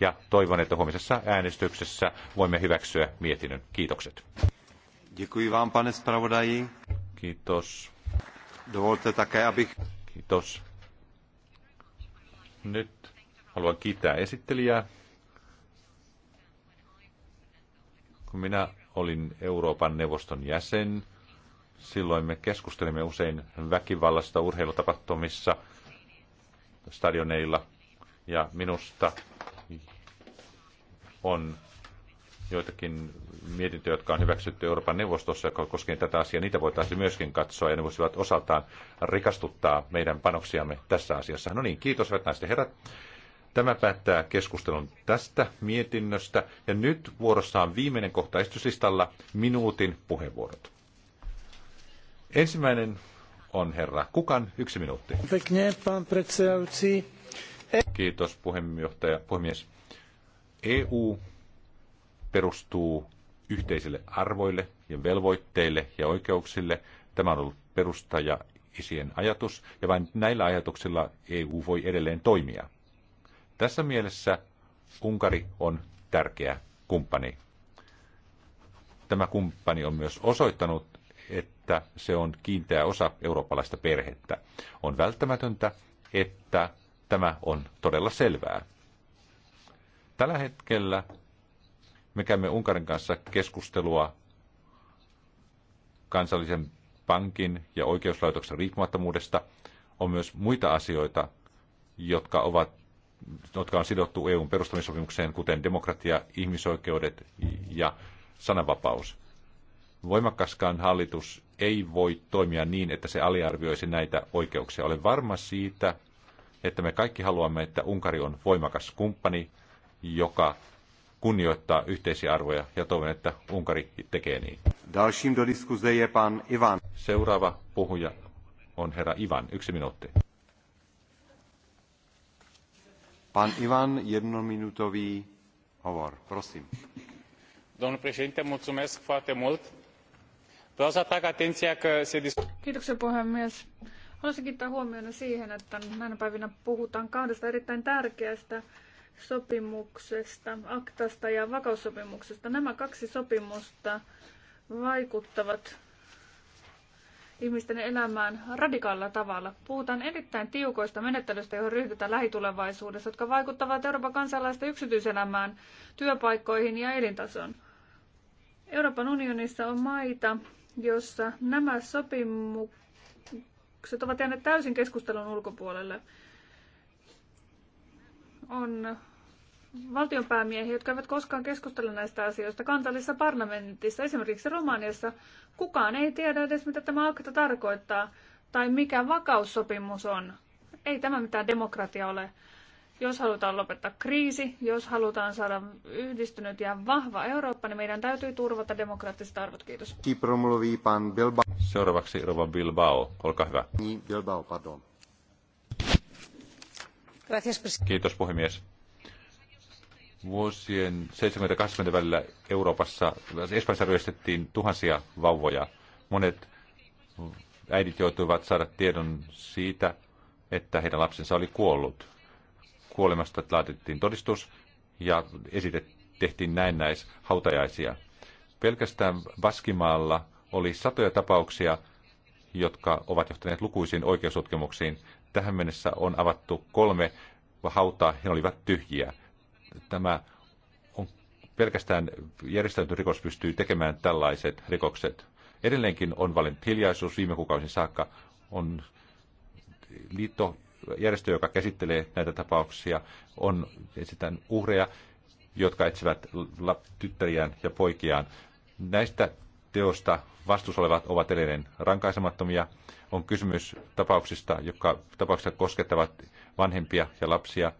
ja toivon, että huomisessa äänestyksessä voimme hyväksyä mietinnön. Kiitokset. Děkuji vám, pane spravodaji. Kiitos. Dovolte také, abych... Kiitos. Nyt haluan kiittää esittelijää. Kun minä olin Euroopan neuvoston jäsen, silloin me keskustelimme usein väkivallasta urheilutapahtumissa, stadioneilla, ja minusta on joitakin mietintöjä, jotka on hyväksytty Euroopan neuvostossa, joka koskee tätä asiaa. Niitä voitaisiin myöskin katsoa ja ne voisivat osaltaan rikastuttaa meidän panoksiamme tässä asiassa. No niin, kiitos hyvät naiset herrat. Tämä päättää keskustelun tästä mietinnöstä. Ja nyt vuorossa on viimeinen kohta esityslistalla minuutin puheenvuorot. Ensimmäinen on herra Kukan, yksi minuutti. Kiitos puheenjohtaja, puhemies. EU perustuu yhteisille arvoille ja velvoitteille ja oikeuksille. Tämä on ollut perustaja isien ajatus, ja vain näillä ajatuksilla EU voi edelleen toimia. Tässä mielessä Unkari on tärkeä kumppani. Tämä kumppani on myös osoittanut, että se on kiinteä osa eurooppalaista perhettä. On välttämätöntä, että Tämä on todella selvää. Tällä hetkellä me käymme Unkarin kanssa keskustelua kansallisen pankin ja oikeuslaitoksen riippumattomuudesta. On myös muita asioita, jotka ovat jotka on sidottu EUn perustamissopimukseen, kuten demokratia, ihmisoikeudet ja sananvapaus. Voimakkaskaan hallitus ei voi toimia niin, että se aliarvioisi näitä oikeuksia. Olen varma siitä, että me kaikki haluamme, että Unkari on voimakas kumppani, joka kunnioittaa yhteisiä arvoja ja toivon, että Unkari tekee niin. Dalším Ivan. Seuraava puhuja on herra Ivan. Yksi minuutti. Pan Ivan, jednominutovi hovor. Prosim. Domnul președinte, mulțumesc foarte mult. Vreau să atrag atenția că se discută... Kiitoksia puhemies. Haluaisin kiinnittää huomiota siihen, että näinä päivinä puhutaan kahdesta erittäin tärkeästä sopimuksesta, aktasta ja vakaussopimuksesta. Nämä kaksi sopimusta vaikuttavat ihmisten elämään radikaalilla tavalla. Puhutaan erittäin tiukoista menettelyistä, joihin ryhdytään lähitulevaisuudessa, jotka vaikuttavat Euroopan kansalaisten yksityiselämään, työpaikkoihin ja elintasoon. Euroopan unionissa on maita, jossa nämä sopimukset tarkistukset ovat jääneet täysin keskustelun ulkopuolelle. On valtionpäämiehiä, jotka eivät koskaan keskustele näistä asioista kansallisessa parlamentissa, esimerkiksi Romaniassa. Kukaan ei tiedä edes, mitä tämä akta tarkoittaa tai mikä vakaussopimus on. Ei tämä mitään demokratia ole. Jos halutaan lopettaa kriisi, jos halutaan saada yhdistynyt ja vahva Eurooppa, niin meidän täytyy turvata demokraattiset arvot. Kiitos. Seuraavaksi Rova Bilbao. Olkaa hyvä. Bilbao, pardon. Kiitos puhemies. Vuosien 70-80 välillä Euroopassa, Espanjassa ryöstettiin tuhansia vauvoja. Monet äidit joutuivat saada tiedon siitä, että heidän lapsensa oli kuollut kuolemasta laitettiin todistus ja esitettiin näin näis hautajaisia. Pelkästään Baskimaalla oli satoja tapauksia, jotka ovat johtaneet lukuisiin oikeusutkimuksiin. Tähän mennessä on avattu kolme hautaa, he olivat tyhjiä. Tämä on pelkästään järjestäytynyt rikos pystyy tekemään tällaiset rikokset. Edelleenkin on valinnut hiljaisuus viime kuukausin saakka. On liitto järjestö, joka käsittelee näitä tapauksia, on sitten uhreja, jotka etsivät tyttäriään ja poikiaan. Näistä teosta vastuussa olevat ovat edelleen rankaisemattomia. On kysymys tapauksista, jotka tapauksista koskettavat vanhempia ja lapsia.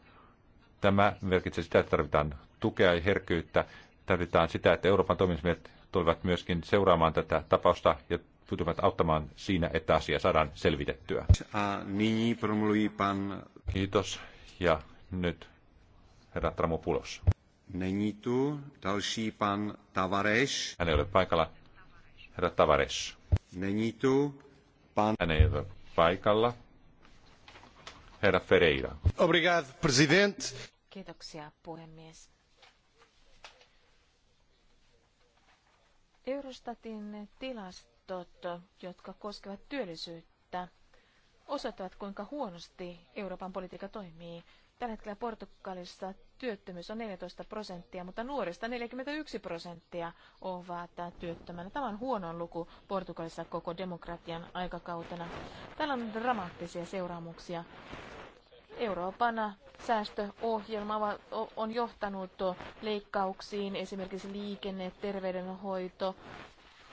Tämä merkitsee sitä, että tarvitaan tukea ja herkkyyttä. Tarvitaan sitä, että Euroopan toimismiehet tulevat myöskin seuraamaan tätä tapausta ja pystyvät auttamaan siinä, että asia saadaan selvitettyä. Kiitos. Ja nyt herra Tramopulos. Není tu další pan Tavares. Hän ei ole paikalla. Herra Tavares. Není tu pan... Hän ei ole paikalla. Herra Ferreira. Obrigado, president. Kiitoksia, puhemies. Eurostatin tilasto tilastot, jotka koskevat työllisyyttä, osoittavat, kuinka huonosti Euroopan politiikka toimii. Tällä hetkellä Portugalissa työttömyys on 14 prosenttia, mutta nuorista 41 prosenttia ovat työttömänä. Tämä on huono luku Portugalissa koko demokratian aikakautena. Täällä on dramaattisia seuraamuksia. Euroopan säästöohjelma on johtanut leikkauksiin, esimerkiksi liikenne, terveydenhoito,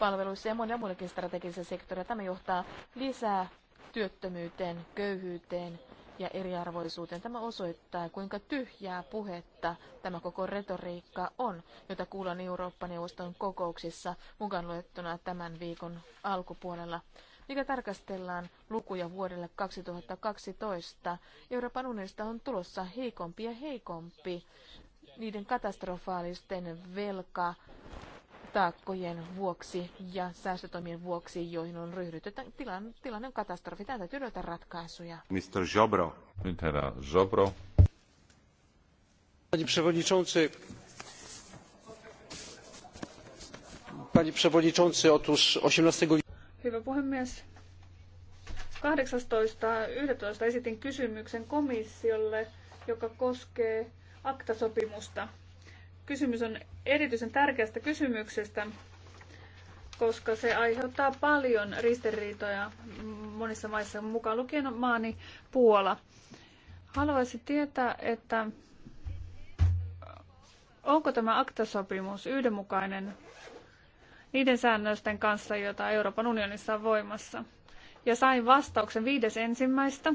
palveluissa ja monia muillakin strategisilla sektoreilla. Tämä johtaa lisää työttömyyteen, köyhyyteen ja eriarvoisuuteen. Tämä osoittaa, kuinka tyhjää puhetta tämä koko retoriikka on, jota kuullaan Eurooppa-neuvoston kokouksissa mukaan luettuna tämän viikon alkupuolella. Mikä tarkastellaan lukuja vuodelle 2012, Euroopan unionista on tulossa heikompi ja heikompi niiden katastrofaalisten velka taakkojen vuoksi ja säästötoimien vuoksi, joihin on ryhdytty. Tilanne, tilanne on katastrofi. tämä täytyy löytää ratkaisuja. Mr. Jobro. Nyt herra Jobro. Panie przewodniczący, panie przewodniczący, otóż 18 Hyvä puhemies. 18.11. esitin kysymyksen komissiolle, joka koskee aktasopimusta. sopimusta Kysymys on erityisen tärkeästä kysymyksestä, koska se aiheuttaa paljon ristiriitoja monissa maissa, mukaan lukien maani Puola. Haluaisin tietää, että onko tämä aktasopimus yhdenmukainen niiden säännösten kanssa, joita Euroopan unionissa on voimassa. Ja sain vastauksen viides ensimmäistä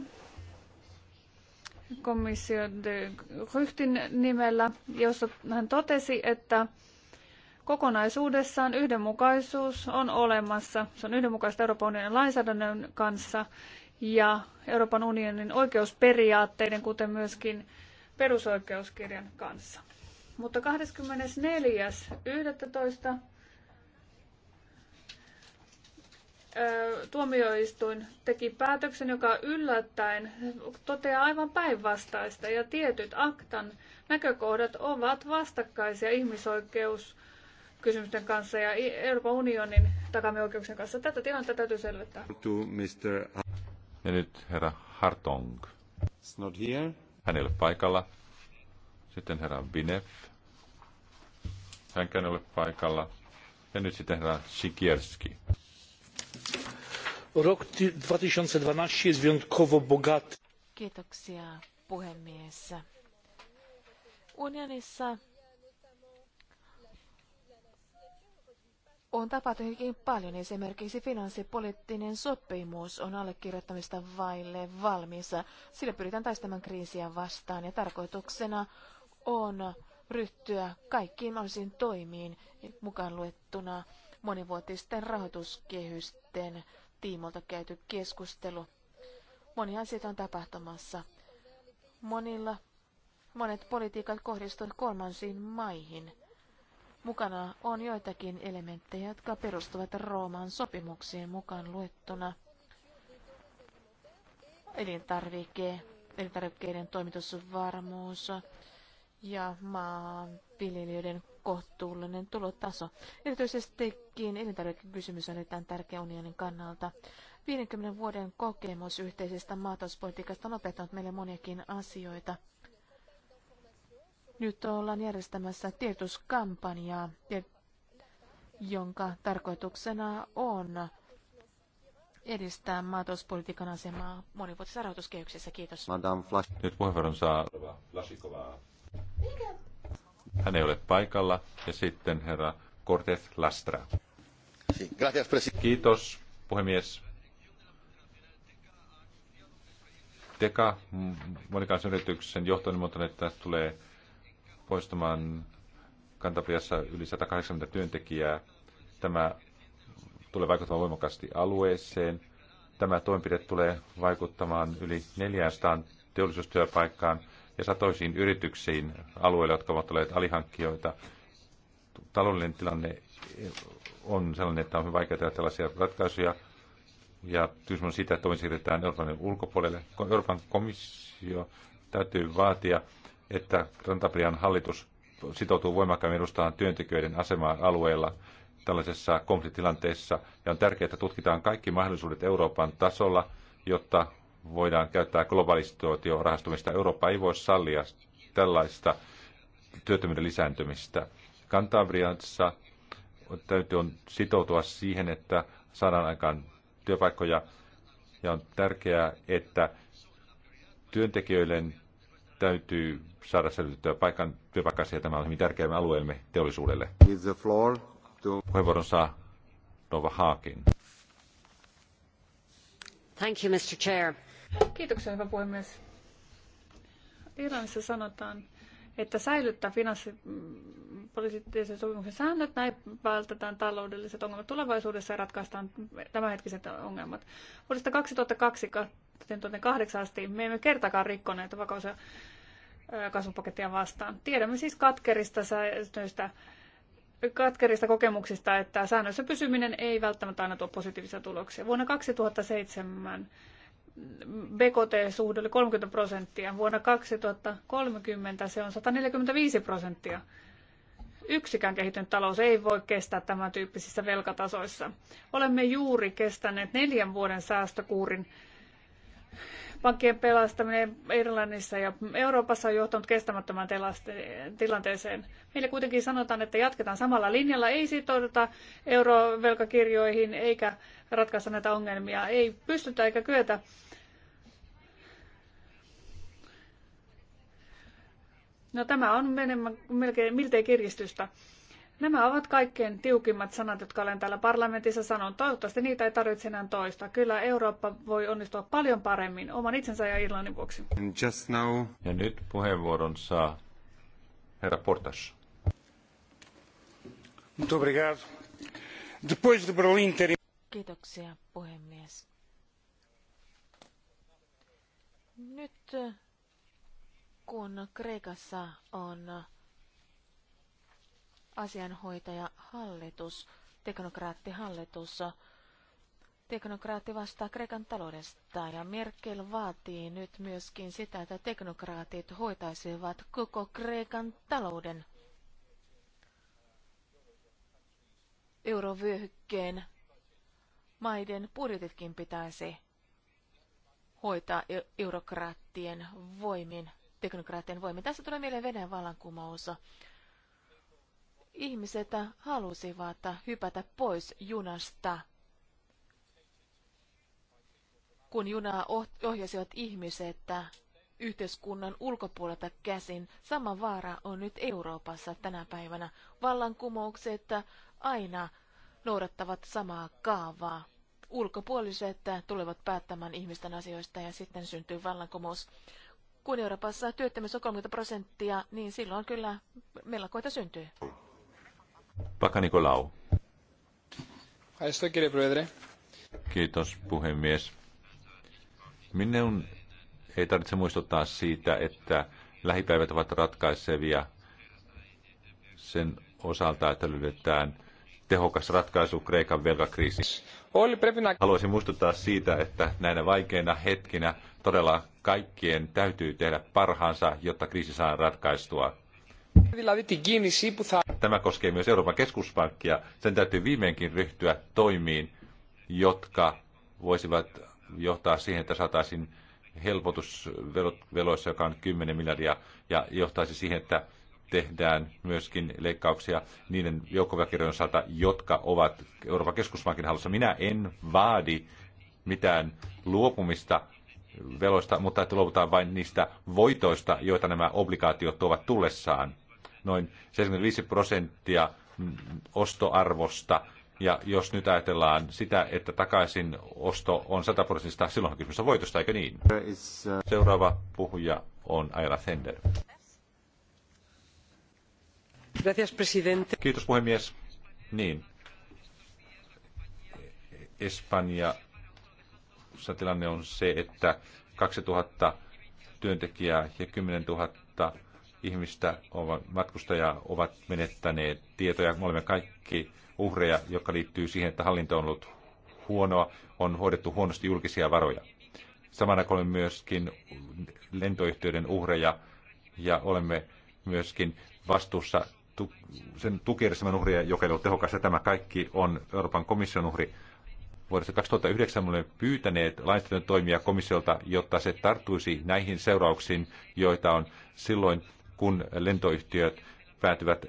komissio de Ryhtin nimellä, jossa hän totesi, että kokonaisuudessaan yhdenmukaisuus on olemassa. Se on yhdenmukaista Euroopan unionin lainsäädännön kanssa ja Euroopan unionin oikeusperiaatteiden, kuten myöskin perusoikeuskirjan kanssa. Mutta 24.11. tuomioistuin teki päätöksen, joka yllättäen toteaa aivan päinvastaista ja tietyt aktan näkökohdat ovat vastakkaisia ihmisoikeus kysymysten kanssa ja Euroopan unionin takamioikeuksien kanssa. Tätä tilannetta täytyy selvittää. To Mr. Ja nyt herra Hartong. It's not here. Hän ei ole paikalla. Sitten herra Binef. Hänkään ei ole paikalla. Ja nyt sitten herra Sikierski. Rok 2012 jest wyjątkowo bogaty. Kiitoksia puhemies. Unionissa on tapahtunutkin paljon. Esimerkiksi finanssipoliittinen sopimus on allekirjoittamista vaille valmis. Sillä pyritään taistamaan kriisiä vastaan ja tarkoituksena on ryhtyä kaikkiin mahdollisiin toimiin mukaan luettuna monivuotisten rahoituskehysten tiimolta käyty keskustelu. Moni asiat on tapahtumassa. Monilla, monet politiikat kohdistuvat kolmansiin maihin. Mukana on joitakin elementtejä, jotka perustuvat Rooman sopimuksiin mukaan luettuna. Elintarvike, elintarvikkeiden toimitusvarmuus ja maanviljelijöiden kohtuullinen tulotaso. Erityisestikin elintarvikekysymys on erittäin tärkeä unionin kannalta. 50 vuoden kokemus yhteisestä maatalouspolitiikasta on opettanut meille moniakin asioita. Nyt ollaan järjestämässä tietuskampanjaa, jonka tarkoituksena on edistää maatalouspolitiikan asemaa monivuotisessa rahoituskehyksessä. Kiitos. Madame Flash. Nyt puheenvuoron saa Flasikova. Mikä? Hän ei ole paikalla. Ja sitten herra Cortez Lastra. Kiitos, puhemies. Teka, monikansan yrityksen johtoneuvonton, että tulee poistamaan Kantabriassa yli 180 työntekijää. Tämä tulee vaikuttamaan voimakkaasti alueeseen. Tämä toimenpide tulee vaikuttamaan yli 400 teollisuustyöpaikkaan ja satoisiin yrityksiin alueille, jotka ovat olleet alihankkijoita. Taloudellinen tilanne on sellainen, että on vaikea tehdä tällaisia ratkaisuja. Ja kysymys on siitä, että toinen siirretään Euroopan ulkopuolelle. Euroopan komissio täytyy vaatia, että Rantabrian hallitus sitoutuu voimakkaammin edustamaan työntekijöiden asemaa alueella tällaisessa konfliktilanteessa. Ja on tärkeää, että tutkitaan kaikki mahdollisuudet Euroopan tasolla, jotta voidaan käyttää globalisaatio rahastumista. Eurooppa ei voi sallia tällaista työttömyyden lisääntymistä. Kantabriassa täytyy on sitoutua siihen, että saadaan aikaan työpaikkoja ja on tärkeää, että työntekijöille täytyy saada selvitettyä paikan ja Tämä on hyvin tärkeä alueemme teollisuudelle. Puheenvuoron saa Nova Haakin. Thank you, Mr. Chair. Kiitoksia, hyvä puhemies. Iranissa sanotaan, että säilyttää finanssipoliittisen sopimuksen säännöt, näin vältetään taloudelliset ongelmat tulevaisuudessa ja ratkaistaan tämänhetkiset ongelmat. Vuodesta 2002 2008 asti me emme kertakaan rikkoneet vakaus- ja kasvupakettia vastaan. Tiedämme siis katkerista säännöistä, katkerista kokemuksista, että säännöissä pysyminen ei välttämättä aina tuo positiivisia tuloksia. Vuonna 2007 BKT-suhde oli 30 prosenttia. Vuonna 2030 se on 145 prosenttia. Yksikään kehittynyt talous ei voi kestää tämän tyyppisissä velkatasoissa. Olemme juuri kestäneet neljän vuoden säästökuurin. Pankkien pelastaminen Irlannissa ja Euroopassa on johtanut kestämättömään tilanteeseen. Meille kuitenkin sanotaan, että jatketaan samalla linjalla, ei sitouduta eurovelkakirjoihin eikä ratkaista näitä ongelmia. Ei pystytä eikä kyetä No tämä on menemän, melkein, miltei kiristystä. Nämä ovat kaikkein tiukimmat sanat, jotka olen täällä parlamentissa sanonut. Toivottavasti niitä ei tarvitse enää toista. Kyllä Eurooppa voi onnistua paljon paremmin oman itsensä ja Irlannin vuoksi. Just now. Ja nyt puheenvuoron saa herra Portas. Kiitoksia puhemies. Nyt kun Kreikassa on asianhoitaja hallitus, teknokraattihallitus, teknokraatti vastaa Kreikan taloudesta ja Merkel vaatii nyt myöskin sitä, että teknokraatit hoitaisivat koko Kreikan talouden. Eurovyöhykkeen maiden budjetitkin pitäisi hoitaa e- eurokraattien voimin teknokraattien voimin. Tässä tulee mieleen Venäjän vallankumous. Ihmiset halusivat hypätä pois junasta, kun junaa ohjasivat ihmiset yhteiskunnan ulkopuolelta käsin. Sama vaara on nyt Euroopassa tänä päivänä. Vallankumoukset aina noudattavat samaa kaavaa. Ulkopuoliset tulevat päättämään ihmisten asioista ja sitten syntyy vallankumous. Kun Euroopassa työttömyys on 30 prosenttia, niin silloin kyllä mellakoita syntyy. Paka Nikolau. Kiitos puhemies. on? ei tarvitse muistuttaa siitä, että lähipäivät ovat ratkaisevia sen osalta, että löydetään tehokas ratkaisu Kreikan velkakriisiin. Haluaisin muistuttaa siitä, että näinä vaikeina hetkinä todella kaikkien täytyy tehdä parhaansa, jotta kriisi saadaan ratkaistua. Tämä koskee myös Euroopan keskuspankkia. Sen täytyy viimeinkin ryhtyä toimiin, jotka voisivat johtaa siihen, että saataisiin helpotus veloissa, joka on 10 miljardia, ja johtaisi siihen, että tehdään myöskin leikkauksia niiden joukkoväkirjojen osalta, jotka ovat Euroopan keskuspankin hallussa. Minä en vaadi mitään luopumista veloista, mutta että luovutaan vain niistä voitoista, joita nämä obligaatiot tuovat tullessaan. Noin 75 prosenttia ostoarvosta. Ja jos nyt ajatellaan sitä, että takaisin osto on 100 prosentista, silloin on kysymys voitosta, eikö niin? Seuraava puhuja on Aila Fender. Kiitos puhemies. Niin. Espanja Ranskassa tilanne on se, että 2000 työntekijää ja 10 000 ihmistä ovat, matkustajaa ovat menettäneet tietoja. Me olemme kaikki uhreja, joka liittyy siihen, että hallinto on ollut huonoa, on hoidettu huonosti julkisia varoja. Samana kun olemme myöskin lentoyhtiöiden uhreja ja olemme myöskin vastuussa sen tukijärjestelmän uhreja, joka ei ollut tehokas. Tämä kaikki on Euroopan komission uhri vuodesta 2009 me olemme pyytäneet lainsäädännön toimia komissiolta, jotta se tarttuisi näihin seurauksiin, joita on silloin, kun lentoyhtiöt päätyvät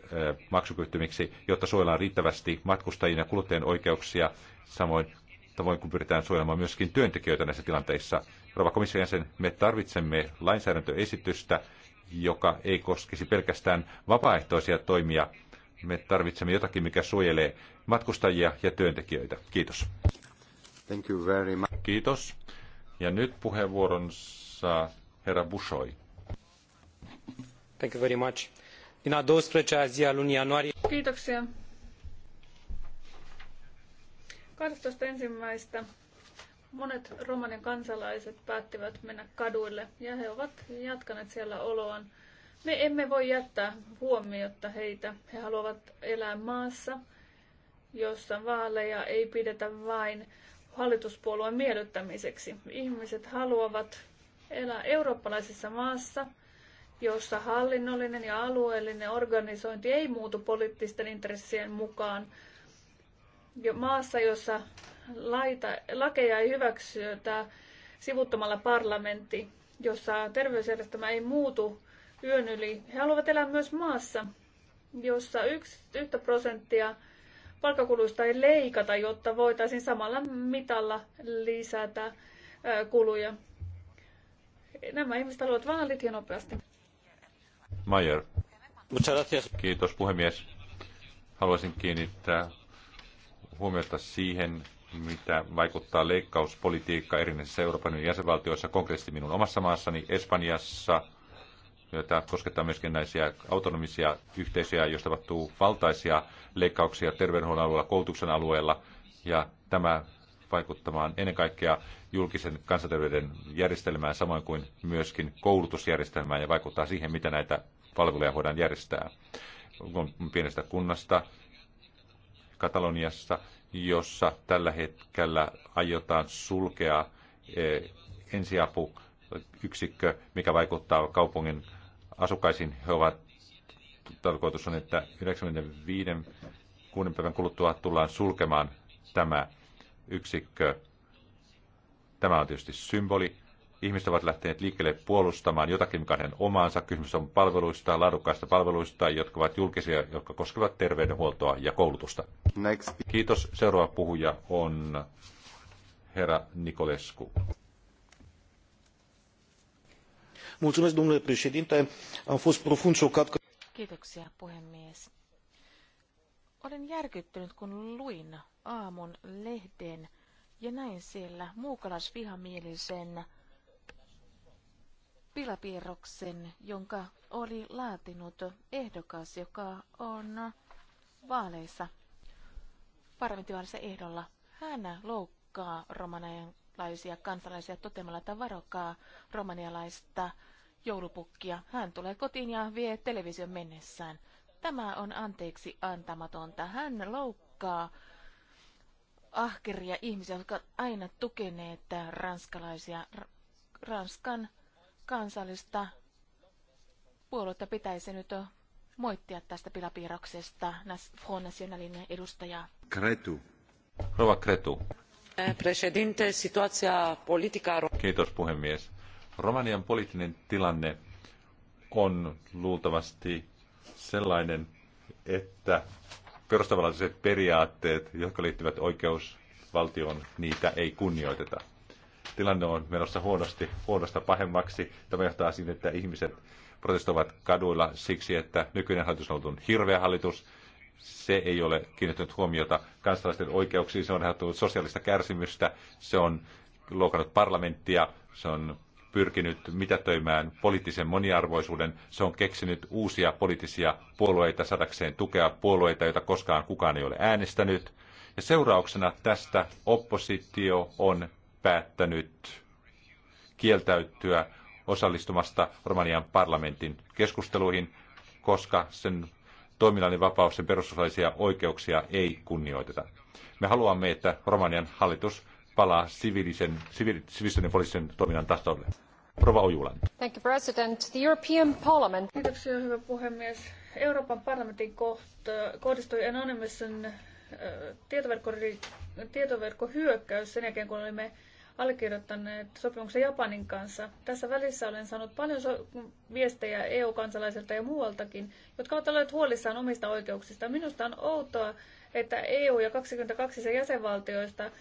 maksukyhtymiksi, jotta suojellaan riittävästi matkustajien ja kuluttajien oikeuksia, samoin tavoin kun pyritään suojelemaan myöskin työntekijöitä näissä tilanteissa. Rova komission jäsen, me tarvitsemme lainsäädäntöesitystä, joka ei koskisi pelkästään vapaaehtoisia toimia. Me tarvitsemme jotakin, mikä suojelee matkustajia ja työntekijöitä. Kiitos. Thank you very much. Kiitos. Ja nyt puheenvuoron saa herra Bushoi. Thank you very much. Din a 12-a zi a lunii ianuarie... Kiitoksia. 12.1. monet romanin kansalaiset päättivät mennä kaduille ja he ovat jatkaneet siellä oloaan. Me emme voi jättää huomiota heitä. He haluavat elää maassa, jossa vaaleja ei pidetä vain hallituspuolueen miellyttämiseksi. Ihmiset haluavat elää eurooppalaisessa maassa, jossa hallinnollinen ja alueellinen organisointi ei muutu poliittisten intressien mukaan. Ja maassa, jossa laita, lakeja ei hyväksytä sivuttamalla parlamentti, jossa terveysjärjestelmä ei muutu yön yli. He haluavat elää myös maassa, jossa yksi, yhtä prosenttia palkkakuluista ei leikata, jotta voitaisiin samalla mitalla lisätä kuluja. Nämä ihmiset haluavat vaalit ja nopeasti. Major. Kiitos puhemies. Haluaisin kiinnittää huomiota siihen, mitä vaikuttaa leikkauspolitiikka erinäisissä Euroopan jäsenvaltioissa, konkreettisesti minun omassa maassani Espanjassa, joita koskettaa myöskin näisiä autonomisia yhteisöjä, joista tapahtuu valtaisia leikkauksia terveydenhuollon alueella, koulutuksen alueella ja tämä vaikuttamaan ennen kaikkea julkisen kansanterveyden järjestelmään, samoin kuin myöskin koulutusjärjestelmään ja vaikuttaa siihen, mitä näitä palveluja voidaan järjestää. On pienestä kunnasta, Kataloniassa, jossa tällä hetkellä aiotaan sulkea e, ensiapuyksikkö, mikä vaikuttaa kaupungin asukkaisiin. He ovat tarkoitus on, että 95 kuuden päivän kuluttua tullaan sulkemaan tämä yksikkö. Tämä on tietysti symboli. Ihmiset ovat lähteneet liikkeelle puolustamaan jotakin, mikä on omaansa. Kysymys on palveluista, laadukkaista palveluista, jotka ovat julkisia, jotka koskevat terveydenhuoltoa ja koulutusta. Next. Kiitos. Seuraava puhuja on herra Nikolescu. Mulțumesc, domnule președinte. Am fost profund șocat că... Kiitoksia, puhemies. Olin järkyttynyt, kun luin aamun lehden ja näin siellä muukalaisvihamielisen pilapiirroksen, jonka oli laatinut ehdokas, joka on vaaleissa, parlamenttivaaleissa ehdolla. Hän loukkaa romanialaisia kansalaisia totemalla, että varokaa romanialaista joulupukkia. Hän tulee kotiin ja vie television mennessään. Tämä on anteeksi antamatonta. Hän loukkaa ahkeria ihmisiä, jotka aina tukeneet ranskalaisia, Ranskan kansallista puoluetta pitäisi nyt moittia tästä pilapiirroksesta, Nas Front Nationalin edustaja. Kretu. Rova Kretu. Eh, președinte, situația politică... Kiitos puhemies. Romanian poliittinen tilanne on luultavasti sellainen, että perustavanlaatuiset periaatteet, jotka liittyvät oikeusvaltioon, niitä ei kunnioiteta. Tilanne on menossa huonosti, huonosta pahemmaksi. Tämä johtaa siihen, että ihmiset protestoivat kaduilla siksi, että nykyinen hallitus on ollut hirveä hallitus. Se ei ole kiinnittänyt huomiota kansalaisten oikeuksiin, se on aiheuttanut sosiaalista kärsimystä, se on loukannut parlamenttia, se on pyrkinyt mitätöimään poliittisen moniarvoisuuden. Se on keksinyt uusia poliittisia puolueita sadakseen tukea puolueita, joita koskaan kukaan ei ole äänestänyt. Ja seurauksena tästä oppositio on päättänyt kieltäytyä osallistumasta Romanian parlamentin keskusteluihin, koska sen toiminnallinen vapaus, sen perustuslaisia oikeuksia ei kunnioiteta. Me haluamme, että Romanian hallitus palaa siviilisen, ja poliisin toiminnan tasolle. Rova Ojulan. Thank you, President. The European Parliament. Kiitoksia, hyvä puhemies. Euroopan parlamentin kohta, kohdistui Anonymousin äh, tietoverkko, tietoverkkohyökkäys sen jälkeen, kun olimme allekirjoittaneet sopimuksen Japanin kanssa. Tässä välissä olen saanut paljon so- viestejä EU-kansalaisilta ja muualtakin, jotka ovat olleet huolissaan omista oikeuksista. Minusta on outoa, että EU ja 22 sen jäsenvaltioista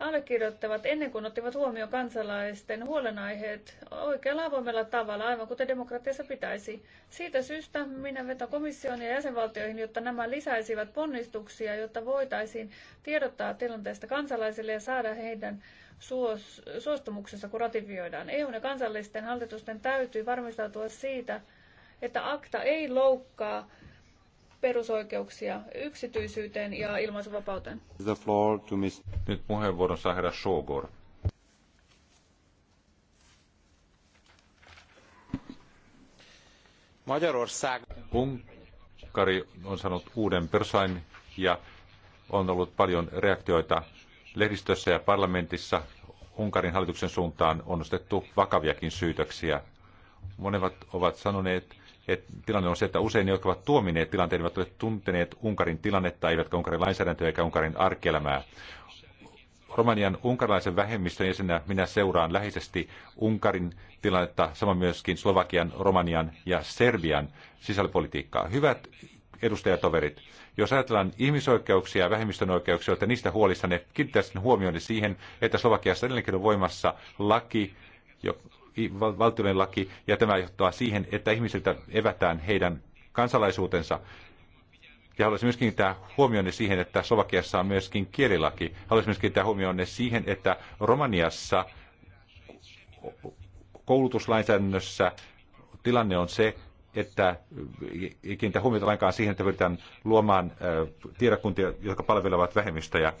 allekirjoittavat ennen kuin ottivat huomioon kansalaisten huolenaiheet oikealla avoimella tavalla, aivan kuten demokratiassa pitäisi. Siitä syystä minä vetän komissioon ja jäsenvaltioihin, jotta nämä lisäisivät ponnistuksia, jotta voitaisiin tiedottaa tilanteesta kansalaisille ja saada heidän suos, suostumuksensa, kun ratifioidaan. EUn ja kansallisten hallitusten täytyy varmistautua siitä, että akta ei loukkaa perusoikeuksia yksityisyyteen ja ilmaisuvapauteen. The floor to miss... Nyt puheenvuoron saa herra Shogor. Magyarország... Unkari on sanonut uuden persain ja on ollut paljon reaktioita lehdistössä ja parlamentissa. Unkarin hallituksen suuntaan on nostettu vakaviakin syytöksiä. Monet ovat sanoneet, että tilanne on se, että usein ne, jotka ovat tuomineet tilanteen, eivät ole tunteneet Unkarin tilannetta, eivätkä Unkarin lainsäädäntöä eikä Unkarin arkielämää. Romanian unkarilaisen vähemmistön jäsenä minä seuraan läheisesti Unkarin tilannetta, samoin myöskin Slovakian, Romanian ja Serbian sisällöpolitiikkaa. Hyvät edustajatoverit, jos ajatellaan ihmisoikeuksia ja vähemmistön oikeuksia, että niistä huolissa ne kiinnittäisiin huomioon siihen, että Slovakiassa edelleenkin on voimassa laki, valtiollinen laki, ja tämä johtaa siihen, että ihmisiltä evätään heidän kansalaisuutensa. Ja haluaisin myöskin kiinnittää huomioon siihen, että Slovakiassa on myöskin kielilaki. Haluaisin myöskin kiinnittää huomioon siihen, että Romaniassa koulutuslainsäädännössä tilanne on se, että kiinnittää kiinnitä huomiota lainkaan siihen, että pyritään luomaan äh, tiedokuntia, jotka palvelevat vähemmistöjä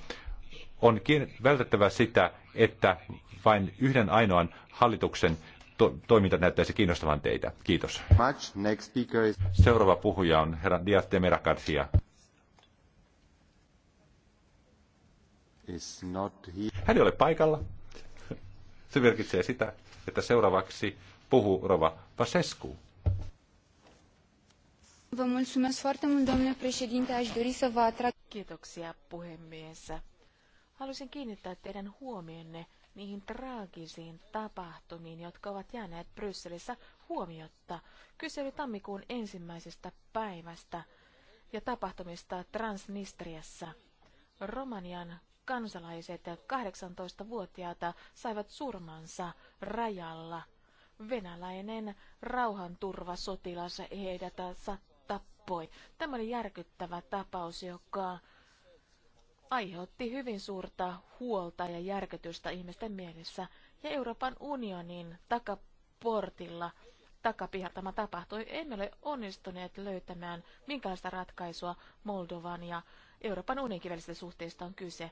on vältettävä sitä, että vain yhden ainoan hallituksen to- toiminta näyttäisi kiinnostavan teitä. Kiitos. Seuraava puhuja on herra Diaz de Meracarcia. Hän ei ole paikalla. Se merkitsee sitä, että seuraavaksi puhuu Rova Pasescu. Vă mulțumesc foarte mult, domnule președinte. Aș dori să vă atrag... Kiitoksia, puhemies. Haluaisin kiinnittää teidän huomionne niihin traagisiin tapahtumiin, jotka ovat jääneet Brysselissä huomiotta. Kyse oli tammikuun ensimmäisestä päivästä ja tapahtumista Transnistriassa. Romanian kansalaiset ja 18-vuotiaata saivat surmansa rajalla. Venäläinen rauhanturvasotilas heidät tappoi. Tämä oli järkyttävä tapaus, joka aiheutti hyvin suurta huolta ja järkytystä ihmisten mielessä, ja Euroopan unionin takaportilla takapiha tämä tapahtui. Emme ole onnistuneet löytämään minkälaista ratkaisua Moldovan ja Euroopan unionin välisistä suhteista on kyse.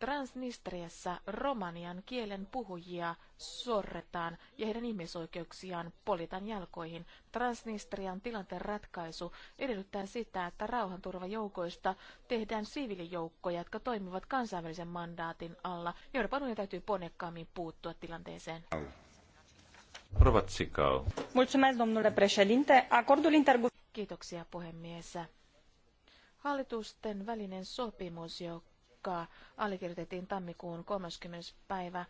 Transnistriassa romanian kielen puhujia sorretaan ja heidän ihmisoikeuksiaan politan jalkoihin. Transnistrian tilanteen ratkaisu edellyttää sitä, että rauhanturvajoukoista tehdään siviilijoukkoja, jotka toimivat kansainvälisen mandaatin alla. Euroopan unionin täytyy ponnekkaammin puuttua tilanteeseen. Kiitoksia, puhemies. Hallitusten välinen sopimus, joka joka allekirjoitettiin tammikuun 30. päivä,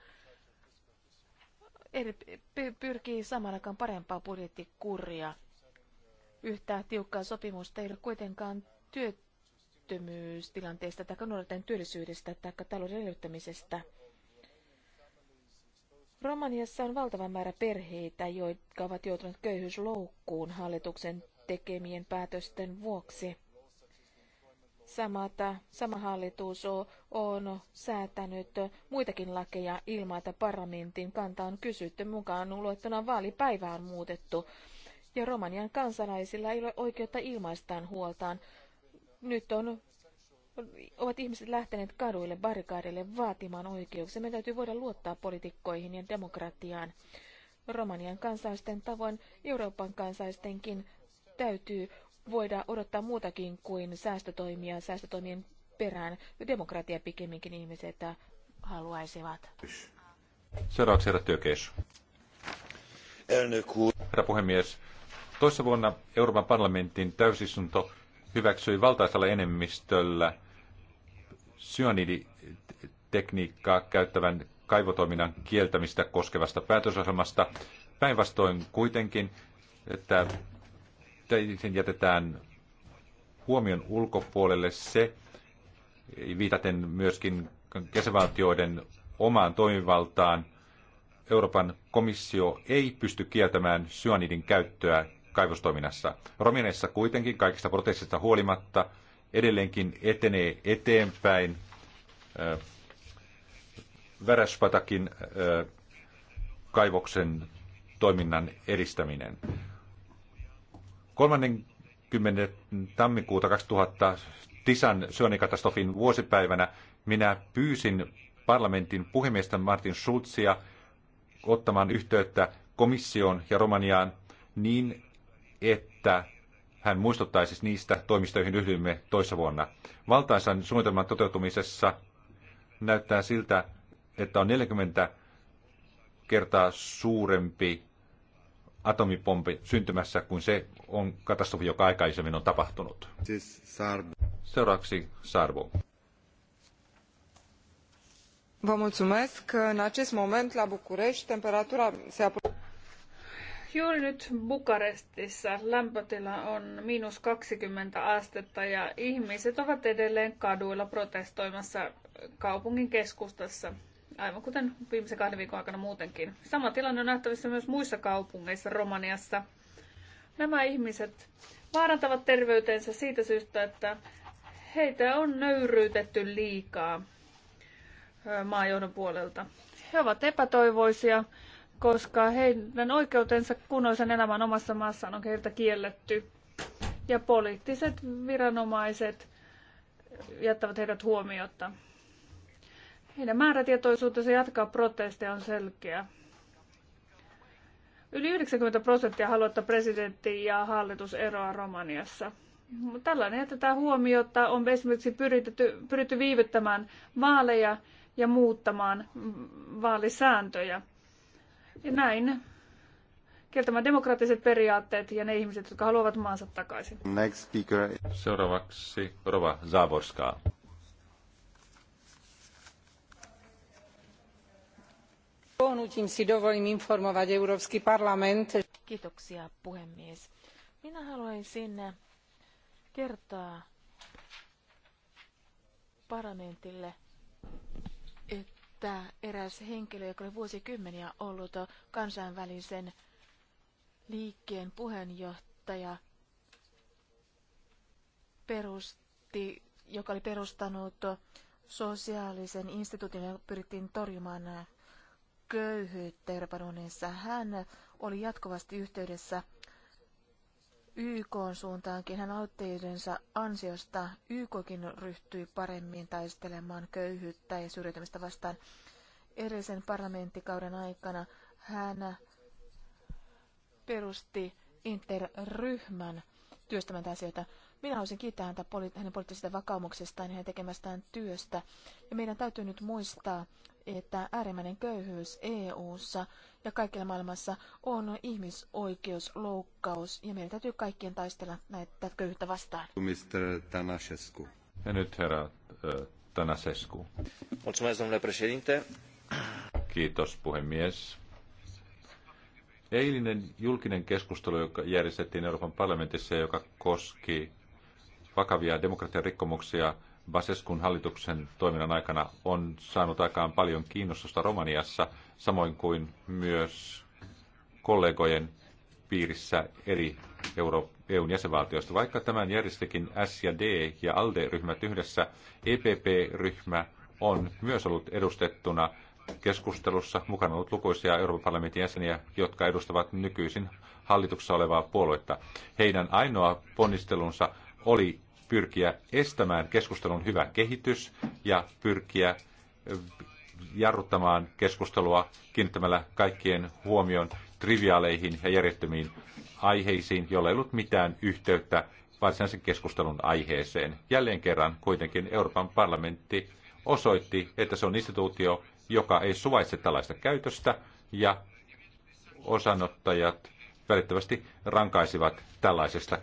pyrkii samaan aikaan parempaa budjettikuria. Yhtä tiukkaa sopimusta ei ole kuitenkaan työttömyystilanteesta tai nuorten työllisyydestä tai talouden elvyttämisestä. Romaniassa on valtava määrä perheitä, jotka ovat joutuneet köyhyysloukkuun hallituksen tekemien päätösten vuoksi samat, äh, sama hallitus on säätänyt muitakin lakeja ilman, että parlamentin kanta on kysytty. Mukaan luettuna vaalipäivää on muutettu. Ja Romanian kansalaisilla ei ole oikeutta ilmaistaan huoltaan. Nyt on, ovat ihmiset lähteneet kaduille, barrikaadille vaatimaan oikeuksia. Meidän täytyy voida luottaa poliitikkoihin ja demokratiaan. Romanian kansalaisten tavoin Euroopan kansalaistenkin täytyy voida odottaa muutakin kuin säästötoimia säästötoimien perään. Demokratia pikemminkin ihmiset haluaisivat. Seuraavaksi herra Työkeis. Herra puhemies, toissa vuonna Euroopan parlamentin täysistunto hyväksyi valtaisella enemmistöllä syaniditekniikkaa käyttävän kaivotoiminnan kieltämistä koskevasta päätösohjelmasta. Päinvastoin kuitenkin, että usein jätetään huomion ulkopuolelle se, viitaten myöskin kesävaltioiden omaan toimivaltaan, Euroopan komissio ei pysty kieltämään syanidin käyttöä kaivostoiminnassa. Romineissa kuitenkin kaikista protestista huolimatta edelleenkin etenee eteenpäin äh, Väräspatakin äh, kaivoksen toiminnan edistäminen. 30. tammikuuta 2000 Tisan syönikatastrofin vuosipäivänä minä pyysin parlamentin puhemiestä Martin Schulzia ottamaan yhteyttä komissioon ja Romaniaan niin, että hän muistuttaisi niistä toimista, joihin yhdyimme toissa vuonna. Valtaisan suunnitelman toteutumisessa näyttää siltä, että on 40 kertaa suurempi atomipompi syntymässä kun se on katastrofi, joka aikaisemmin on tapahtunut. Siis Sarbo. Seuraavaksi Sarbo. Vă mulțumesc. În acest moment, la București, temperatura se apro- Juuri nyt Bukarestissa lämpötila on miinus 20 astetta ja ihmiset ovat edelleen kaduilla protestoimassa kaupungin keskustassa aivan kuten viimeisen kahden viikon aikana muutenkin. Sama tilanne on nähtävissä myös muissa kaupungeissa Romaniassa. Nämä ihmiset vaarantavat terveytensä siitä syystä, että heitä on nöyryytetty liikaa maajohdon puolelta. He ovat epätoivoisia, koska heidän oikeutensa kunnoisen elämän omassa maassaan on heiltä kielletty. Ja poliittiset viranomaiset jättävät heidät huomiotta. Heidän määrätietoisuutensa jatkaa protesteja on selkeä. Yli 90 prosenttia haluaa, että presidentti ja hallitus eroaa Romaniassa. Tällainen jätetään että On esimerkiksi pyritty, pyritty viivyttämään vaaleja ja muuttamaan vaalisääntöjä. Ja näin kieltämään demokraattiset periaatteet ja ne ihmiset, jotka haluavat maansa takaisin. Next speaker. Seuraavaksi Rova Zaborska. rozhodnutím si dovolím informovať Európsky parlament. Kiitoksia puhemies. Minä haluaisin kertoa parlamentille, että eräs henkilö, joka oli vuosikymmeniä ollut kansainvälisen liikkeen puheenjohtaja, perusti, joka oli perustanut sosiaalisen instituutin, jolla pyrittiin torjumaan köyhyyttä Euroopan unionissa. Hän oli jatkuvasti yhteydessä YK suuntaankin. Hän autteidensa ansiosta YKkin ryhtyi paremmin taistelemaan köyhyyttä ja syrjäytymistä vastaan. Edellisen parlamenttikauden aikana hän perusti interryhmän työstämään asioita. Minä haluaisin kiittää häntä poli- hänen poliittisesta vakaumuksestaan ja hänen tekemästään työstä. Ja meidän täytyy nyt muistaa, että äärimmäinen köyhyys EU:ssa ja kaikilla maailmassa on ihmisoikeusloukkaus ja meidän täytyy kaikkien taistella näitä köyhyyttä vastaan. Mr. Tanasescu. Ja nyt herra äh, Tanasescu. Kiitos, puhemies. Eilinen julkinen keskustelu, joka järjestettiin Euroopan parlamentissa, joka koski vakavia demokratian rikkomuksia – Baseskun hallituksen toiminnan aikana on saanut aikaan paljon kiinnostusta Romaniassa, samoin kuin myös kollegojen piirissä eri Euro- EUn jäsenvaltioista. Vaikka tämän järjestikin S ja D ja ALDE-ryhmät yhdessä, EPP-ryhmä on myös ollut edustettuna keskustelussa mukana ollut lukuisia Euroopan parlamentin jäseniä, jotka edustavat nykyisin hallituksessa olevaa puoluetta. Heidän ainoa ponnistelunsa oli pyrkiä estämään keskustelun hyvä kehitys ja pyrkiä jarruttamaan keskustelua kiinnittämällä kaikkien huomion triviaaleihin ja järjettömiin aiheisiin, joilla ei ollut mitään yhteyttä varsinaisen keskustelun aiheeseen. Jälleen kerran kuitenkin Euroopan parlamentti osoitti, että se on instituutio, joka ei suvaitse tällaista käytöstä ja osanottajat välittömästi rankaisivat tällaisesta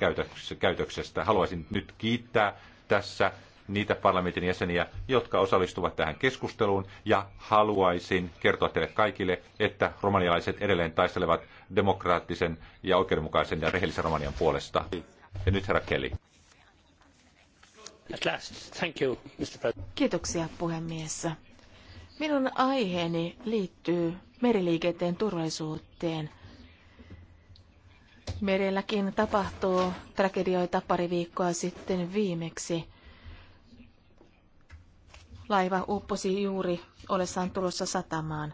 käytöksestä. Haluaisin nyt kiittää tässä niitä parlamentin jäseniä, jotka osallistuvat tähän keskusteluun, ja haluaisin kertoa teille kaikille, että romanialaiset edelleen taistelevat demokraattisen ja oikeudenmukaisen ja rehellisen Romanian puolesta. Ja nyt herra Kelly. Kiitoksia puhemies. Minun aiheeni liittyy meriliikenteen turvallisuuteen. Merelläkin tapahtuu tragedioita pari viikkoa sitten viimeksi. Laiva upposi juuri ollessaan tulossa satamaan.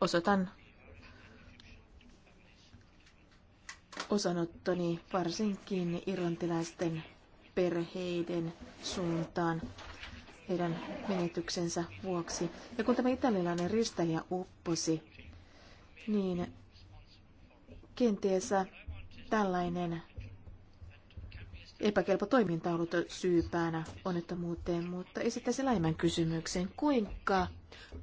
Osoitan osanottoni varsinkin irlantilaisten perheiden suuntaan heidän menetyksensä vuoksi. Ja kun tämä italialainen ristäjä upposi, niin kenties tällainen epäkelpo toiminta ollut syypäänä onnettomuuteen, mutta esittäisin laajemman kysymyksen. Kuinka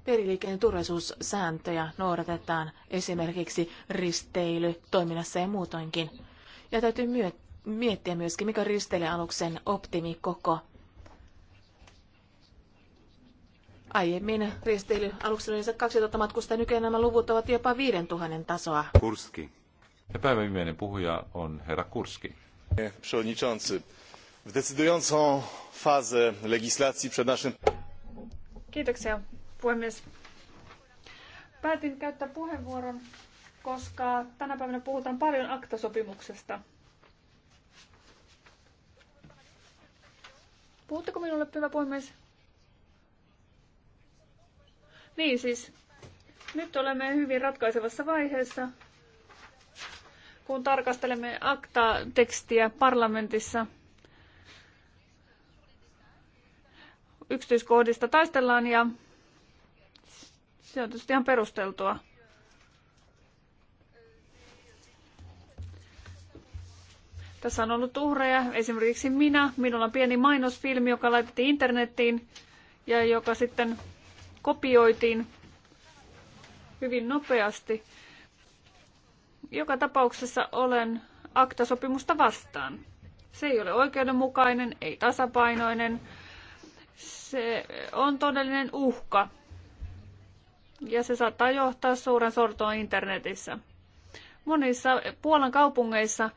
periliikenteen turvallisuussääntöjä noudatetaan esimerkiksi risteily toiminnassa ja muutoinkin? Ja täytyy myö- miettiä myöskin, mikä on risteilyaluksen optimikoko. Aiemmin risteilyaluksella oli 2000 matkusta, nykyään nämä luvut ovat jopa 5000 tasoa. Kurski. Ja päivän puhuja on herra Kurski. Przewodniczący, w decydującą fazę legislacji przed naszym... Kiitoksia, puhemies. Päätin käyttää puheenvuoron, koska tänä päivänä puhutaan paljon aktasopimuksesta. Puhutteko minulle, hyvä puhemies? Niin siis, nyt olemme hyvin ratkaisevassa vaiheessa kun tarkastelemme akta-tekstiä parlamentissa, yksityiskohdista taistellaan ja se on tietysti ihan perusteltua. Tässä on ollut uhreja, esimerkiksi minä. Minulla on pieni mainosfilmi, joka laitettiin internettiin ja joka sitten kopioitiin hyvin nopeasti. Joka tapauksessa olen aktasopimusta vastaan. Se ei ole oikeudenmukainen, ei tasapainoinen. Se on todellinen uhka. Ja se saattaa johtaa suuren sortoon internetissä. Monissa Puolan kaupungeissa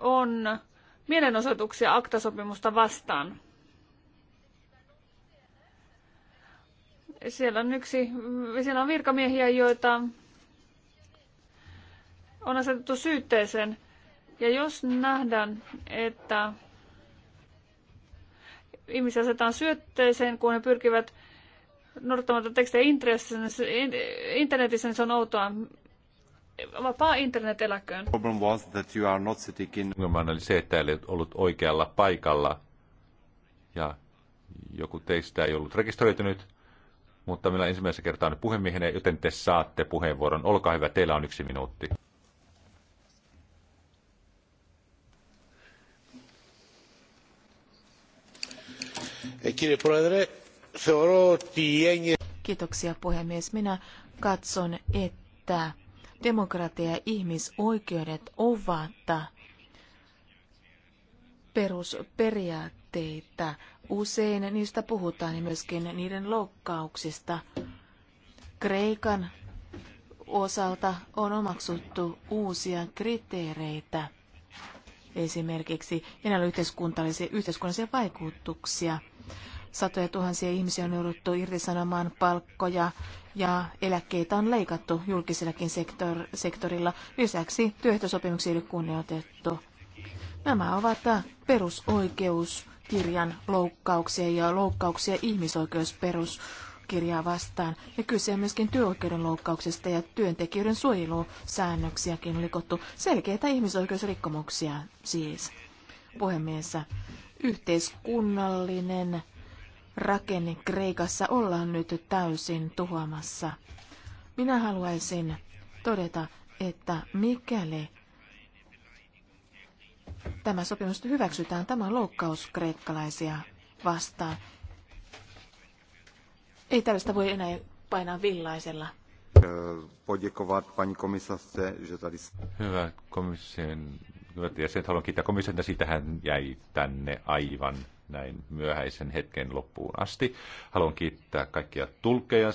on mielenosoituksia aktasopimusta vastaan. Siellä on, yksi, siellä on virkamiehiä, joita on asetettu syytteeseen. Ja jos nähdään, että ihmisiä asetetaan syytteeseen, kun he pyrkivät noudattamaan tekstejä niin internetissä, niin se on outoa. Vapaa internet eläköön. Problem was that you are not sitting in... oli se, että ei ollut oikealla paikalla ja joku teistä ei ollut rekisteröitynyt, mutta meillä ensimmäisen kertaa nyt puhemiehenä, joten te saatte puheenvuoron. Olkaa hyvä, teillä on yksi minuutti. Kiitoksia puhemies. Minä katson, että demokratia ja ihmisoikeudet ovat perusperiaatteita. Usein niistä puhutaan ja myöskin niiden loukkauksista. Kreikan osalta on omaksuttu uusia kriteereitä esimerkiksi enää yhteiskunnallisia, yhteiskunnallisia vaikutuksia – Satoja tuhansia ihmisiä on jouduttu irtisanomaan palkkoja ja eläkkeitä on leikattu julkisellakin sektor- sektorilla. Lisäksi työehtosopimuksia ei ole kunnioitettu. Nämä ovat perusoikeuskirjan loukkauksia ja loukkauksia ihmisoikeusperuskirjaa vastaan. Ja kyse on myöskin työoikeuden loukkauksesta ja työntekijöiden suojelusäännöksiäkin on rikottu. Selkeitä ihmisoikeusrikkomuksia siis. Puhemies, yhteiskunnallinen rakenne Kreikassa ollaan nyt täysin tuhoamassa. Minä haluaisin todeta, että mikäli tämä sopimus hyväksytään, tämä on loukkaus kreikkalaisia vastaan. Ei tällaista voi enää painaa villaisella. Hyvä komission ja sen haluan kiittää komission, että siitä hän jäi tänne aivan näin myöhäisen hetken loppuun asti. Haluan kiittää kaikkia tulkeja.